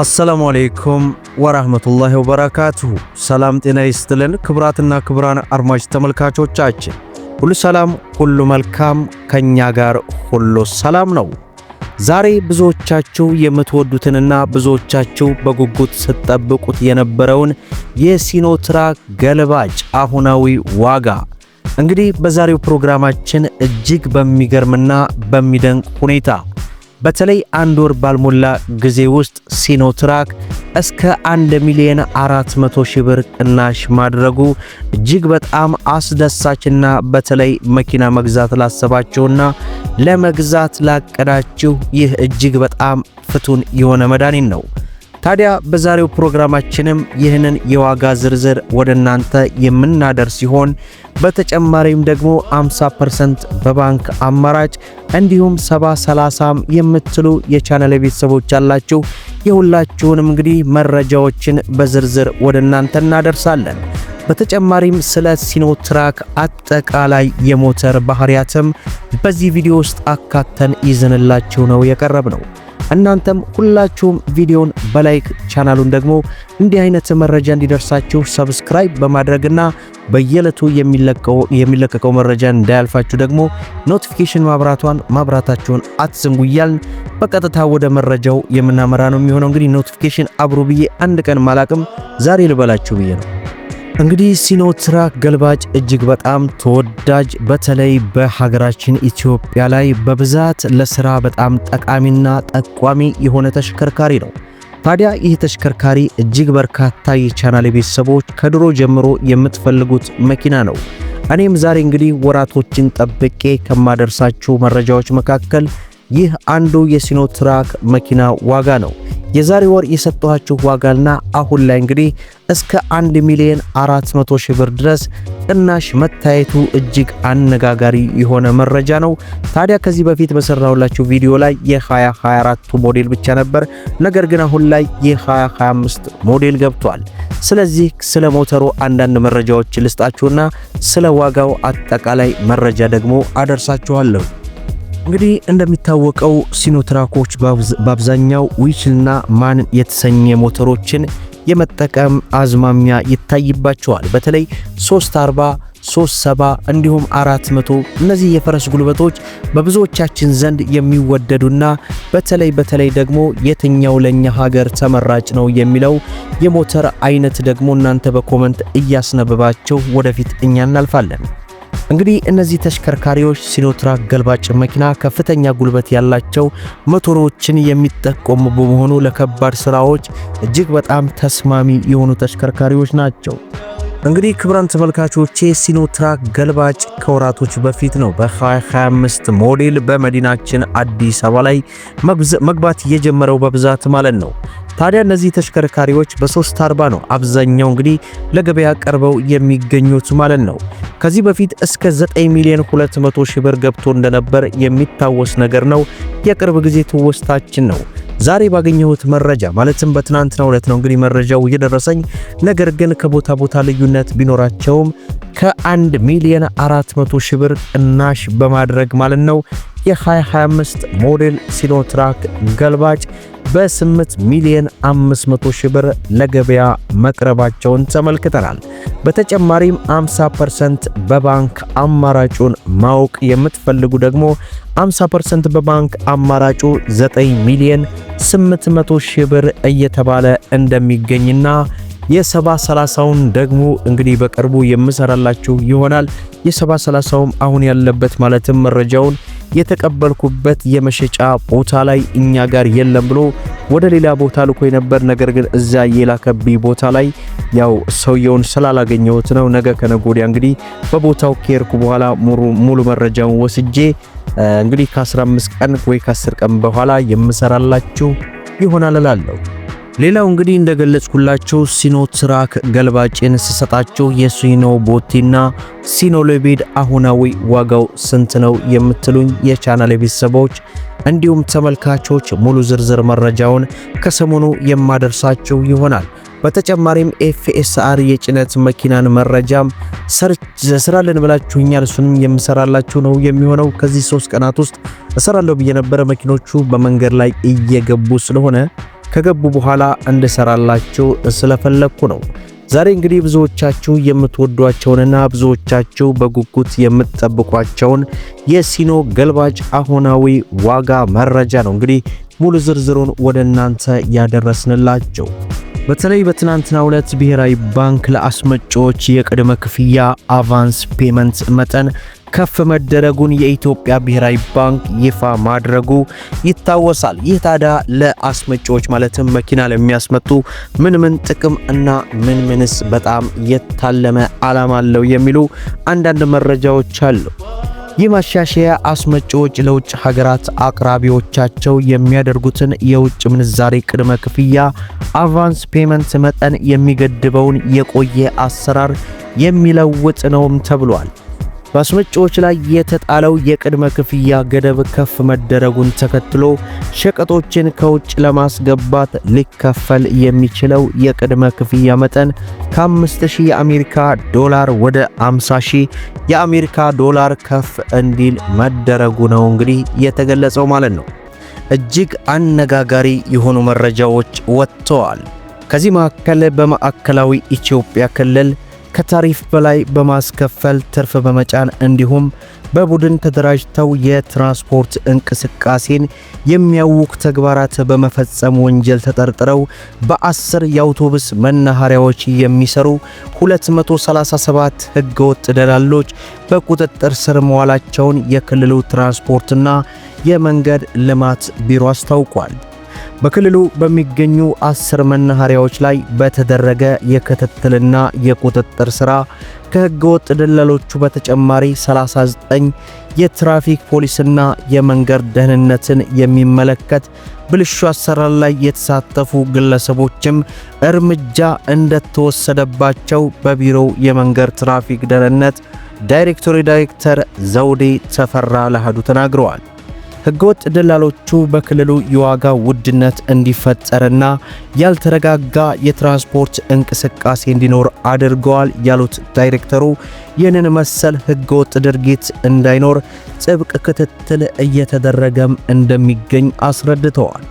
አሰላሙ አሌይኩም ወራህመቱላሂ ወበረካቱሁ። ሰላም ጤና ይስጥልን። ክብራትና ክብራን አድማጭ ተመልካቾቻችን ሁሉ ሰላም፣ ሁሉ መልካም፣ ከኛ ጋር ሁሉ ሰላም ነው። ዛሬ ብዙዎቻችሁ የምትወዱትንና ብዙዎቻችሁ በጉጉት ስትጠብቁት የነበረውን የሲኖትራክ ገልባጭ አሁናዊ ዋጋ እንግዲህ በዛሬው ፕሮግራማችን እጅግ በሚገርምና በሚደንቅ ሁኔታ በተለይ አንድ ወር ባልሞላ ጊዜ ውስጥ ሲኖትራክ እስከ 1 ሚሊዮን 400 ሺህ ብር ቅናሽ ማድረጉ እጅግ በጣም አስደሳችና በተለይ መኪና መግዛት ላሰባችሁና ለመግዛት ላቀዳችሁ ይህ እጅግ በጣም ፍቱን የሆነ መድኃኒት ነው። ታዲያ በዛሬው ፕሮግራማችንም ይህንን የዋጋ ዝርዝር ወደ እናንተ የምናደርስ ሲሆን በተጨማሪም ደግሞ 50% በባንክ አማራጭ እንዲሁም 70 30 የምትሉ የቻነል ቤተሰቦች አላችሁ። የሁላችሁንም እንግዲህ መረጃዎችን በዝርዝር ወደ እናንተ እናደርሳለን። በተጨማሪም ስለ ሲኖትራክ አጠቃላይ የሞተር ባህሪያትም በዚህ ቪዲዮ ውስጥ አካተን ይዘንላችሁ ነው የቀረብ ነው። እናንተም ሁላችሁም ቪዲዮን በላይክ ቻናሉን ደግሞ እንዲህ አይነት መረጃ እንዲደርሳችሁ ሰብስክራይብ በማድረግና በየዕለቱ የሚለቀቀው መረጃ እንዳያልፋችሁ ደግሞ ኖቲፊኬሽን ማብራቷን ማብራታችሁን አትዘንጉ እያልን በቀጥታ ወደ መረጃው የምናመራ ነው የሚሆነው። እንግዲህ ኖቲፊኬሽን አብሮ ብዬ አንድ ቀን ማላቅም ዛሬ ልበላችሁ ብዬ ነው። እንግዲህ ሲኖትራክ ገልባጭ እጅግ በጣም ተወዳጅ በተለይ በሀገራችን ኢትዮጵያ ላይ በብዛት ለስራ በጣም ጠቃሚና ጠቋሚ የሆነ ተሽከርካሪ ነው። ታዲያ ይህ ተሽከርካሪ እጅግ በርካታ የቻናል ቤተሰቦች ከድሮ ጀምሮ የምትፈልጉት መኪና ነው። እኔም ዛሬ እንግዲህ ወራቶችን ጠብቄ ከማደርሳችሁ መረጃዎች መካከል ይህ አንዱ የሲኖ ትራክ መኪና ዋጋ ነው። የዛሬ ወር የሰጠኋችሁ ዋጋና አሁን ላይ እንግዲህ እስከ 1 ሚሊዮን 400 ሺህ ብር ድረስ ቅናሽ መታየቱ እጅግ አነጋጋሪ የሆነ መረጃ ነው። ታዲያ ከዚህ በፊት በሰራሁላችሁ ቪዲዮ ላይ የ2024 ሞዴል ብቻ ነበር። ነገር ግን አሁን ላይ የ2025 ሞዴል ገብቷል። ስለዚህ ስለ ሞተሩ አንዳንድ መረጃዎች ልስጣችሁና ስለ ዋጋው አጠቃላይ መረጃ ደግሞ አደርሳችኋለሁ። እንግዲህ እንደሚታወቀው ሲኖትራኮች በአብዛኛው ዊችልና ማን የተሰኘ ሞተሮችን የመጠቀም አዝማሚያ ይታይባቸዋል። በተለይ 340 370 እንዲሁም 400 እነዚህ የፈረስ ጉልበቶች በብዙዎቻችን ዘንድ የሚወደዱና በተለይ በተለይ ደግሞ የትኛው ለኛ ሀገር ተመራጭ ነው የሚለው የሞተር አይነት ደግሞ እናንተ በኮመንት እያስነበባቸው ወደፊት እኛ እናልፋለን። እንግዲህ እነዚህ ተሽከርካሪዎች ሲኖትራክ ገልባጭ መኪና ከፍተኛ ጉልበት ያላቸው ሞተሮችን የሚጠቀሙ በመሆኑ ለከባድ ስራዎች እጅግ በጣም ተስማሚ የሆኑ ተሽከርካሪዎች ናቸው። እንግዲህ ክብራን ተመልካቾቼ ሲኖትራክ ገልባጭ ከወራቶች በፊት ነው በ2025 ሞዴል በመዲናችን አዲስ አበባ ላይ መግባት የጀመረው በብዛት ማለት ነው። ታዲያ እነዚህ ተሽከርካሪዎች በሶስት አርባ ነው አብዛኛው እንግዲህ ለገበያ ቀርበው የሚገኙት ማለት ነው። ከዚህ በፊት እስከ 9 ሚሊዮን 200 ሺህ ብር ገብቶ እንደነበር የሚታወስ ነገር ነው። የቅርብ ጊዜ ትውስታችን ነው። ዛሬ ባገኘሁት መረጃ ማለትም በትናንትናው ዕለት ነው እንግዲህ መረጃው እየደረሰኝ ነገር ግን ከቦታ ቦታ ልዩነት ቢኖራቸውም ከ1 ሚሊዮን 400 ሺህ ብር ቅናሽ በማድረግ ማለት ነው የ2025 ሞዴል ሲኖትራክ ገልባጭ በ8 ሚሊዮን 500 ሺህ ብር ለገበያ መቅረባቸውን ተመልክተናል። በተጨማሪም 50% በባንክ አማራጩን ማወቅ የምትፈልጉ ደግሞ 50% በባንክ አማራጩ 9 ሚሊዮን 800 ሺህ ብር እየተባለ እንደሚገኝና የሰባ ሰላሳውን ደግሞ እንግዲህ በቅርቡ የምሰራላችሁ ይሆናል የሰባ ሰላሳውም አሁን ያለበት ማለትም መረጃውን የተቀበልኩበት የመሸጫ ቦታ ላይ እኛ ጋር የለም ብሎ ወደ ሌላ ቦታ ልኮ የነበር ነገር ግን እዛ የላከብኝ ቦታ ላይ ያው ሰውየውን ስላላገኘሁት ነው። ነገ ከነጎዲያ እንግዲህ በቦታው ከሄድኩ በኋላ ሙሉ መረጃውን ወስጄ እንግዲህ ከ15 ቀን ወይ ከ10 ቀን በኋላ የምሰራላችሁ ይሆናል እላለሁ። ሌላው እንግዲህ እንደገለጽኩላቸው ትራክ ገልባጭን ስሰጣቸው የሲኖ ቦቲና ሲኖ ሎቤድ አሁናዊ ዋጋው ስንት ነው የምትሉኝ የቻናል ቤተሰቦች እንዲሁም ተመልካቾች ሙሉ ዝርዝር መረጃውን ከሰሞኑ የማደርሳቸው ይሆናል። በተጨማሪም ኤፍኤስአር የጭነት መኪናን መረጃም ሰርች ዘስራለን ብላችሁኛል። እሱንም የምሰራላችሁ ነው የሚሆነው። ከዚህ ሶስት ቀናት ውስጥ እሰራለሁ ብዬ ነበረ። መኪኖቹ በመንገድ ላይ እየገቡ ስለሆነ ከገቡ በኋላ እንድሰራላችሁ ስለፈለግኩ ነው። ዛሬ እንግዲህ ብዙዎቻችሁ የምትወዷቸውንና ብዙዎቻችሁ በጉጉት የምትጠብቋቸውን የሲኖ ገልባጭ አሁናዊ ዋጋ መረጃ ነው እንግዲህ ሙሉ ዝርዝሩን ወደ እናንተ ያደረስንላቸው። በተለይ በትናንትናው ዕለት ብሔራዊ ባንክ ለአስመጪዎች የቅድመ ክፍያ አቫንስ ፔመንት መጠን ከፍ መደረጉን የኢትዮጵያ ብሔራዊ ባንክ ይፋ ማድረጉ ይታወሳል። ይህ ታዲያ ለአስመጪዎች ማለትም መኪና ለሚያስመጡ ምን ምን ጥቅም እና ምን ምንስ በጣም የታለመ ዓላማ አለው የሚሉ አንዳንድ መረጃዎች አሉ። ይህ ማሻሻያ አስመጪዎች ለውጭ ሀገራት አቅራቢዎቻቸው የሚያደርጉትን የውጭ ምንዛሬ ቅድመ ክፍያ አቫንስ ፔመንት መጠን የሚገድበውን የቆየ አሰራር የሚለውጥ ነውም ተብሏል። በአስመጪዎች ላይ የተጣለው የቅድመ ክፍያ ገደብ ከፍ መደረጉን ተከትሎ ሸቀጦችን ከውጭ ለማስገባት ሊከፈል የሚችለው የቅድመ ክፍያ መጠን ከ5000 የአሜሪካ ዶላር ወደ 50000 የአሜሪካ ዶላር ከፍ እንዲል መደረጉ ነው እንግዲህ የተገለጸው ማለት ነው። እጅግ አነጋጋሪ የሆኑ መረጃዎች ወጥተዋል። ከዚህ መካከል በማዕከላዊ ኢትዮጵያ ክልል ከታሪፍ በላይ በማስከፈል ትርፍ በመጫን እንዲሁም በቡድን ተደራጅተው የትራንስፖርት እንቅስቃሴን የሚያውቅ ተግባራት በመፈጸም ወንጀል ተጠርጥረው በአስር የአውቶቡስ መናኸሪያዎች የሚሰሩ 237 ህገወጥ ደላሎች በቁጥጥር ስር መዋላቸውን የክልሉ ትራንስፖርትና የመንገድ ልማት ቢሮ አስታውቋል። በክልሉ በሚገኙ አስር መናኸሪያዎች ላይ በተደረገ የክትትልና የቁጥጥር ሥራ ከሕገወጥ ደለሎቹ በተጨማሪ 39 የትራፊክ ፖሊስና የመንገድ ደህንነትን የሚመለከት ብልሹ አሰራር ላይ የተሳተፉ ግለሰቦችም እርምጃ እንደተወሰደባቸው በቢሮው የመንገድ ትራፊክ ደህንነት ዳይሬክቶሪ ዳይሬክተር ዘውዴ ተፈራ ለሃዱ ተናግረዋል። ህገወጥ ደላሎቹ በክልሉ የዋጋ ውድነት እንዲፈጠርና ያልተረጋጋ የትራንስፖርት እንቅስቃሴ እንዲኖር አድርገዋል ያሉት ዳይሬክተሩ ይህንን መሰል ህገወጥ ድርጊት እንዳይኖር ጥብቅ ክትትል እየተደረገም እንደሚገኝ አስረድተዋል።